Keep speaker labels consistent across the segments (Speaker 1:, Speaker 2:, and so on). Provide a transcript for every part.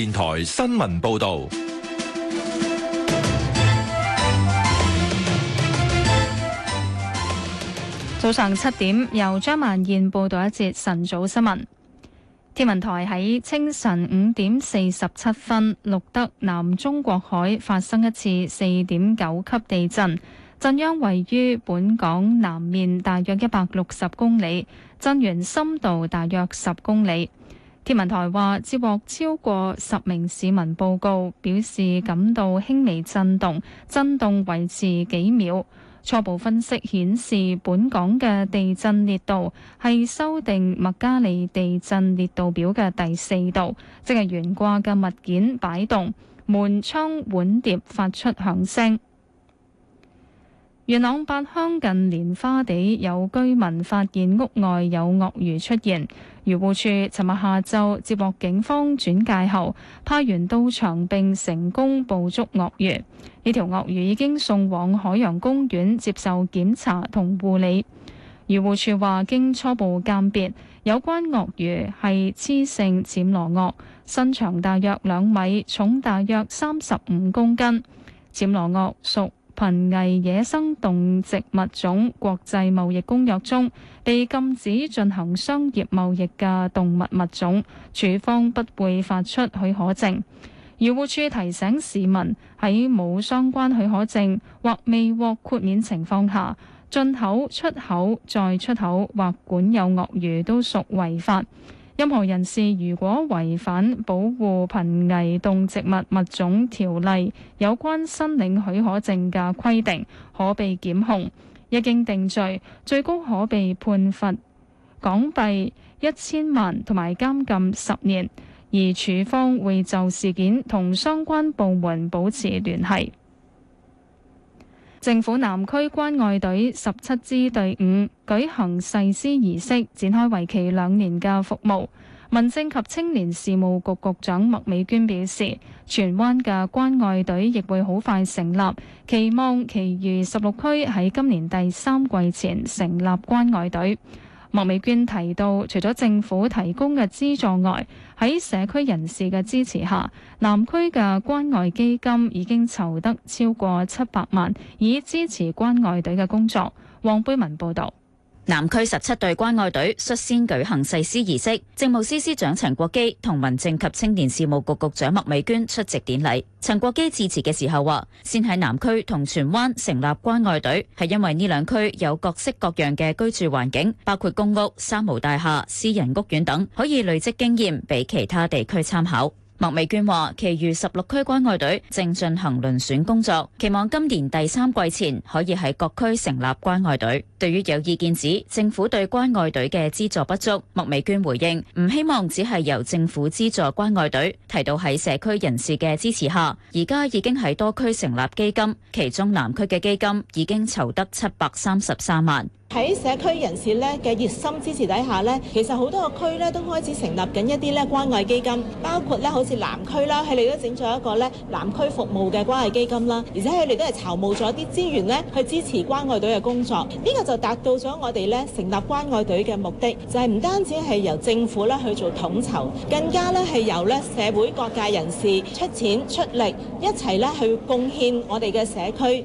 Speaker 1: 電台新聞報道：
Speaker 2: 早上七點，由張萬燕報道一節晨早新聞。天文台喺清晨五點四十七分，錄得南中國海發生一次四點九級地震，震央位於本港南面大約一百六十公里，震源深度大約十公里。天文台話，接獲超過十名市民報告，表示感到輕微震動，震動維持幾秒。初步分析顯示，本港嘅地震烈度係修訂麥加利地震烈度表嘅第四度，即係懸掛嘅物件擺動、門窗碗碟發出響聲。元朗八鄉近蓮花地有居民發現屋外有鱷魚出現。漁護處尋日下晝接獲警方轉介後，派員到場並成功捕捉鱷魚。呢條鱷魚已經送往海洋公園接受檢查同護理。漁護處話，經初步鑑別，有關鱷魚係雌性暹羅鱷，身長大約兩米，重大約三十五公斤。暹羅鱷屬瀕危野生動植物種國際貿易公約中被禁止進行商業貿易嘅動物物種，署方不會發出許可證。漁護署提醒市民喺冇相關許可證或未獲豁免情況下，進口、出口、再出口或管有鱷魚都屬違法。任何人士如果違反保護瀕危動植物物種條例有關申領許可證嘅規定，可被檢控。一經定罪，最高可被判罰港幣一千萬同埋監禁十年。而署方會就事件同相關部門保持聯繫。政府南區關愛隊十七支隊伍舉行誓師儀式，展開為期兩年嘅服務。民政及青年事務局局長麥美娟表示，荃灣嘅關愛隊亦會好快成立，期望其餘十六區喺今年第三季前成立關愛隊。莫美娟提到，除咗政府提供嘅資助外，喺社區人士嘅支持下，南區嘅關愛基金已經籌得超過七百萬以支持關愛隊嘅工作。黃貝文報道。
Speaker 3: 南區十七隊關愛隊率先舉行誓師儀式，政務司司長陳國基同民政及青年事務局局長麥美娟出席典禮。陳國基致辭嘅時候話，先喺南區同荃灣成立關愛隊，係因為呢兩區有各式各樣嘅居住環境，包括公屋、三無大廈、私人屋苑等，可以累積經驗俾其他地區參考。麥美娟話，其餘十六區關愛隊正進行輪選工作，期望今年第三季前可以喺各區成立關愛隊。對於有意見指政府對關愛隊嘅資助不足，麥美娟回應唔希望只係由政府資助關愛隊。提到喺社區人士嘅支持下，而家已經喺多區成立基金，其中南區嘅基金已經籌得七百三十三萬。
Speaker 4: 喺社區人士咧嘅熱心支持底下咧，其實好多個區咧都開始成立緊一啲咧關愛基金，包括咧好似南區啦，佢哋都整咗一個咧南區服務嘅關愛基金啦，而且佢哋都係籌募咗啲資源咧去支持關愛隊嘅工作，呢個就達到咗我哋咧成立關愛隊嘅目的，就係唔單止係由政府咧去做統籌，更加咧係由咧社會各界人士出錢出力一齊咧去貢獻我哋嘅社
Speaker 3: 區。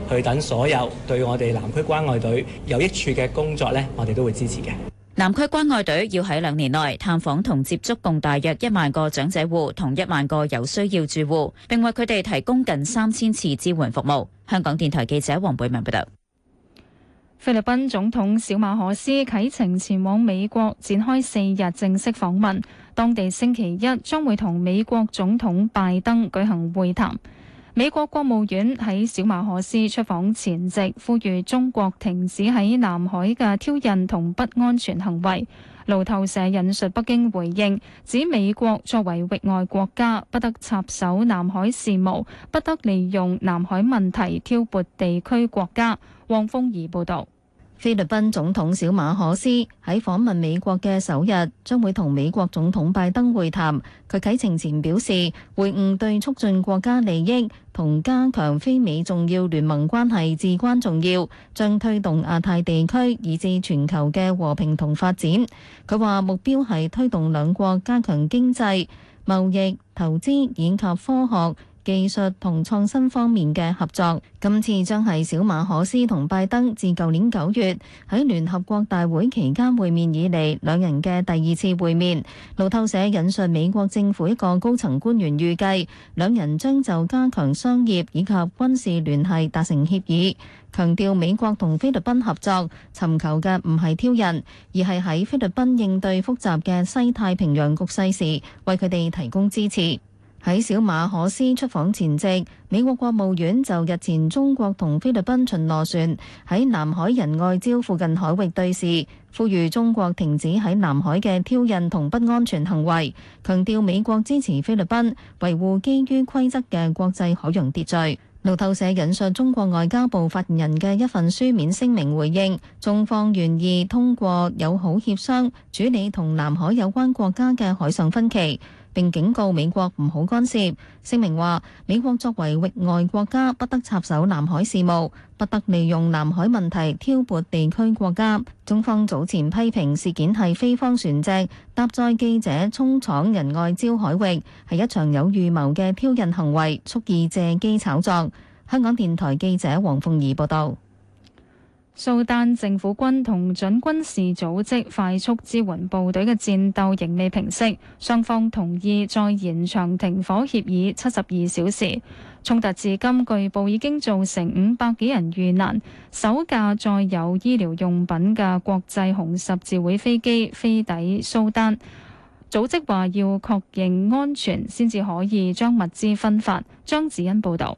Speaker 1: 佢等所有對我哋南區關愛隊有益處嘅工作呢，我哋都會支持嘅。
Speaker 3: 南區關愛隊要喺兩年內探訪同接觸共大約一萬個長者戶同一萬個有需要住戶，並為佢哋提供近三千次支援服務。香港電台記者黃貝文報道。
Speaker 2: 菲律賓總統小馬可斯啟程前往美國，展開四日正式訪問，當地星期一將會同美國總統拜登舉行會談。美國國務院喺小馬可斯出訪前夕，呼籲中國停止喺南海嘅挑釁同不安全行為。路透社引述北京回應，指美國作為域外國家，不得插手南海事務，不得利用南海問題挑撥地區國家。黃風儀報道。菲律賓總統小馬可斯喺訪問美國嘅首
Speaker 4: 日，將會同美國總統拜登會談。佢啟程前表示，會晤對促進國家利益同加強菲美重要聯盟關係至關重要，將推動亞太地區以至全球嘅和平同發展。佢話目標係推動兩國加強經濟、貿易、投資以及科學、技術同創新方面嘅合作，今次將係小馬可斯同拜登自舊年九月喺聯合國大會期間會面以嚟兩人嘅第二次會面。路透社引述美國政府一個高層官員預計，兩人將就加強商業以及軍事聯繫達成協議，強調美國同菲律賓合作尋求嘅唔係挑釁，而係喺菲律賓應對複雜嘅西太平洋局勢時為佢哋提供支持。喺小馬可斯出訪前夕，美國國務院就日前中國同菲律賓巡邏船喺南海仁愛礁附近海域對峙，呼籲中國停止喺南海嘅挑釁同不安全行為，強調美國支持菲律賓維護基於規則嘅國際海洋秩序。路透社引述中國外交部發言人嘅一份書面聲明回應，中方願意通過友好協商處理同南海有關國家嘅海上分歧。並警告美國唔好干涉。聲明話：美國作為域外國家，不得插手南海事務，不得利用南海問題挑撥地區國家。中方早前批評事件係菲方船隻搭載記者衝闖人外礁海域，係一場有預謀嘅挑釁行為，蓄意借機炒作。香港電台記者黃鳳儀報道。
Speaker 2: 蘇丹政府軍同準軍事組織快速支援部隊嘅戰鬥仍未平息，雙方同意再延長停火協議七十二小時。衝突至今，據報已經造成五百幾人遇難。首架載有醫療用品嘅國際紅十字會飛機飛抵蘇丹，組織話要確認安全先至可以將物資分發。張子欣報道。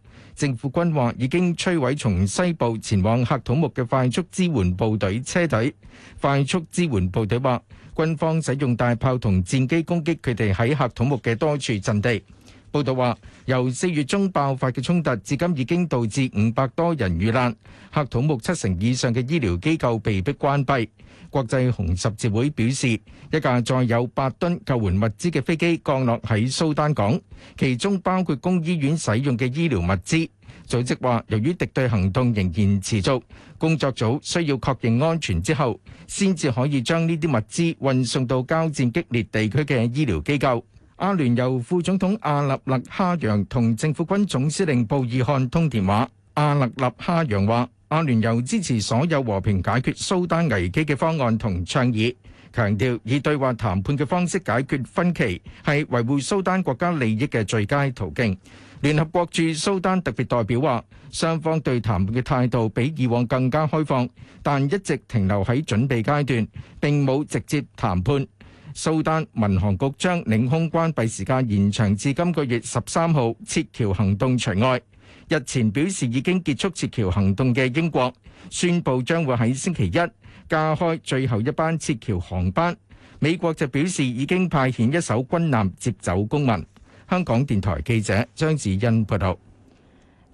Speaker 1: 政府軍話已經摧毀從西部前往喀土穆嘅快速支援部隊車隊。快速支援部隊話，軍方使用大炮同戰機攻擊佢哋喺喀土穆嘅多處陣地。報道話，由四月中爆發嘅衝突，至今已經導致五百多人遇難，喀土穆七成以上嘅醫療機構被迫關閉。國際紅十字會表示，一架載有八噸救援物資嘅飛機降落喺蘇丹港，其中包括供醫院使用嘅醫療物資。組織話，由於敵對行動仍然持續，工作組需要確認安全之後，先至可以將呢啲物資運送到交戰激烈地區嘅醫療機構。阿聯酋副總統阿勒納哈揚同政府軍總司令布爾漢通電話。阿勒納哈揚話：阿聯酋支持所有和平解決蘇丹危機嘅方案同倡議，強調以對話談判嘅方式解決分歧，係維護蘇丹國家利益嘅最佳途徑。聯合國駐蘇丹特別代表話，雙方對談判嘅態度比以往更加開放，但一直停留喺準備階段，並冇直接談判。蘇丹民航局將領空關閉時間延長至今個月十三號，撤僑行動除外。日前表示已經結束撤僑行動嘅英國，宣佈將會喺星期一加開最後一班撤僑航班。美國就表示已經派遣一艘軍艦接走公民。香港電台記者張子欣報道。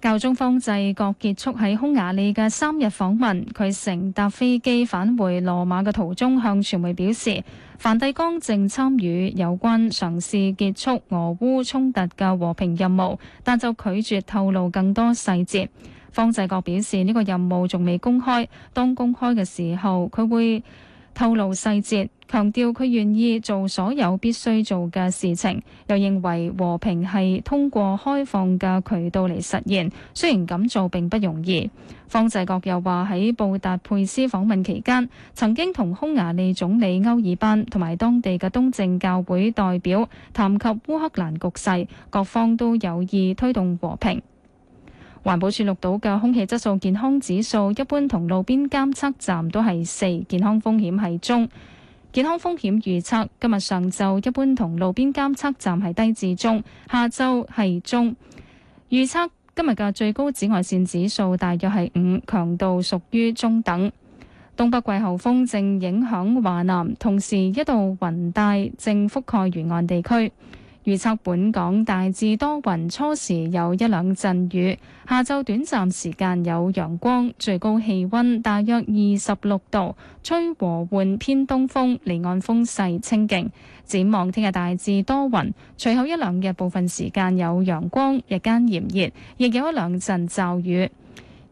Speaker 2: 教宗方濟各結束喺匈牙利嘅三日訪問，佢乘搭飛機返回羅馬嘅途中，向傳媒表示，梵蒂岡正參與有關嘗試結束俄烏衝突嘅和平任務，但就拒絕透露更多細節。方濟各表示呢個任務仲未公開，當公開嘅時候，佢會。透露細節，強調佢願意做所有必須做嘅事情，又認為和平係通過開放嘅渠道嚟實現。雖然咁做並不容易。方濟各又話：喺布達佩斯訪問期間，曾經同匈牙利總理歐爾班同埋當地嘅東正教會代表談及烏克蘭局勢，各方都有意推動和平。環保署錄到嘅空氣質素健康指數一般同路邊監測站都係四，健康風險係中。健康風險預測今日上晝一般同路邊監測站係低至中，下晝係中。預測今日嘅最高紫外線指數大約係五，強度屬於中等。東北季候風正影響華南，同時一道雲帶正覆蓋沿岸地區。預測本港大致多雲，初時有一兩陣雨，下晝短暫時間有陽光，最高氣溫大約二十六度，吹和緩偏東風，離岸風勢清勁。展望聽日大致多雲，隨後一兩日部分時間有陽光，日間炎熱，亦有一兩陣驟雨。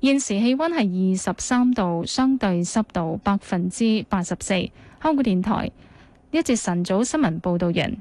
Speaker 2: 現時氣溫係二十三度，相對濕度百分之八十四。香港電台一節晨早新聞報道完。」